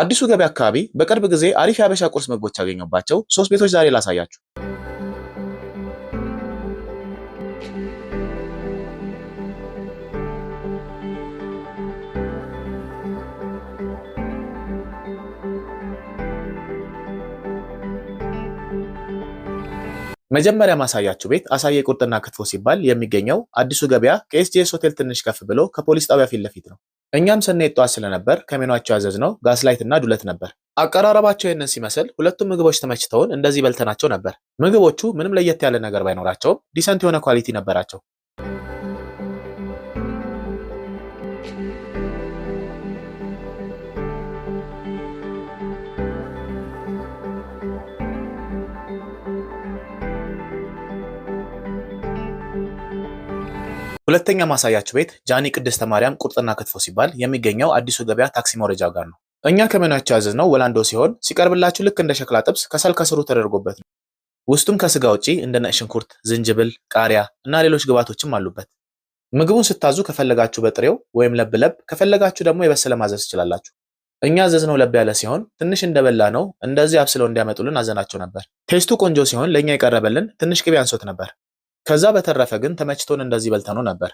አዲሱ ገበያ አካባቢ በቅርብ ጊዜ አሪፍ የሀበሻ ቁርስ ምግቦች ያገኘባቸው ሶስት ቤቶች ዛሬ ላሳያችሁ። መጀመሪያ ማሳያችሁ ቤት አሳየ ቁርጥና ክትፎ ሲባል የሚገኘው አዲሱ ገበያ ከኤስጂኤስ ሆቴል ትንሽ ከፍ ብሎ ከፖሊስ ጣቢያ ፊት ለፊት ነው። እኛም ስንሄድ ጧት ስለነበር ከሜኗቸው ያዘዝነው ጋስላይት እና ዱለት ነበር። አቀራረባቸው ይህንን ሲመስል ሁለቱም ምግቦች ተመችተውን እንደዚህ በልተናቸው ነበር። ምግቦቹ ምንም ለየት ያለ ነገር ባይኖራቸውም ዲሰንት የሆነ ኳሊቲ ነበራቸው። ሁለተኛ ማሳያችሁ ቤት ጃኒ ቅድስተ ማርያም ቁርጥና ክትፎ ሲባል የሚገኘው አዲሱ ገበያ ታክሲ መውረጃ ጋር ነው። እኛ ከመናቸው ያዘዝነው ወላንዶ ሲሆን ሲቀርብላችሁ ልክ እንደ ሸክላ ጥብስ ከሰል ከስሩ ተደርጎበት ነው። ውስጡም ከስጋ ውጪ እንደ ነጭ ሽንኩርት፣ ዝንጅብል፣ ቃሪያ እና ሌሎች ግብዓቶችም አሉበት። ምግቡን ስታዙ ከፈለጋችሁ በጥሬው ወይም ለብ ለብ ከፈለጋችሁ ደግሞ የበሰለ ማዘዝ ትችላላችሁ። እኛ አዘዝነው ለብ ያለ ሲሆን ትንሽ እንደበላ ነው እንደዚህ አብስለው እንዲያመጡልን አዘናቸው ነበር። ቴስቱ ቆንጆ ሲሆን ለእኛ የቀረበልን ትንሽ ቅቤ አንሶት ነበር። ከዛ በተረፈ ግን ተመችቶን እንደዚህ በልተነው ነበር።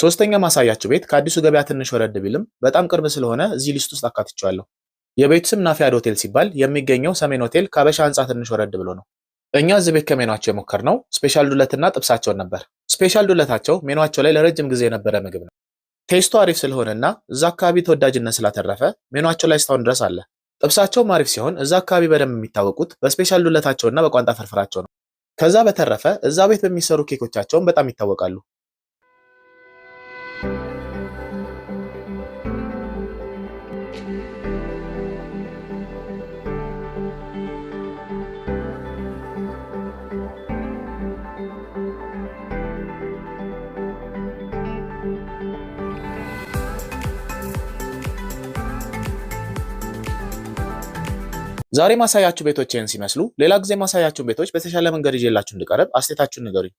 ሶስተኛ ማሳያችሁ ቤት ከአዲሱ ገበያ ትንሽ ወረድ ቢልም በጣም ቅርብ ስለሆነ እዚህ ሊስት ውስጥ አካትቸዋለሁ። የቤቱ ስም ናፊያድ ሆቴል ሲባል የሚገኘው ሰሜን ሆቴል ከአበሻ ህንፃ ትንሽ ወረድ ብሎ ነው። እኛ እዚህ ቤት ከሜኗቸው የሞከርነው ስፔሻል ዱለትና ጥብሳቸውን ነበር። ስፔሻል ዱለታቸው ሜኗቸው ላይ ለረጅም ጊዜ የነበረ ምግብ ነው። ቴስቱ አሪፍ ስለሆነና እዛ አካባቢ ተወዳጅነት ስላተረፈ ሜኗቸው ላይ እስካሁን ድረስ አለ። ጥብሳቸውም አሪፍ ሲሆን እዛ አካባቢ በደንብ የሚታወቁት በስፔሻል ዱለታቸውና በቋንጣ ፍርፍራቸው ነው። ከዛ በተረፈ እዛ ቤት በሚሰሩ ኬኮቻቸውም በጣም ይታወቃሉ። ዛሬ ማሳያችሁ ቤቶች ይህን ሲመስሉ ሌላ ጊዜ ማሳያችሁን ቤቶች በተሻለ መንገድ ይዤላችሁ እንድቀረብ አስተያየታችሁን ንገሩኝ።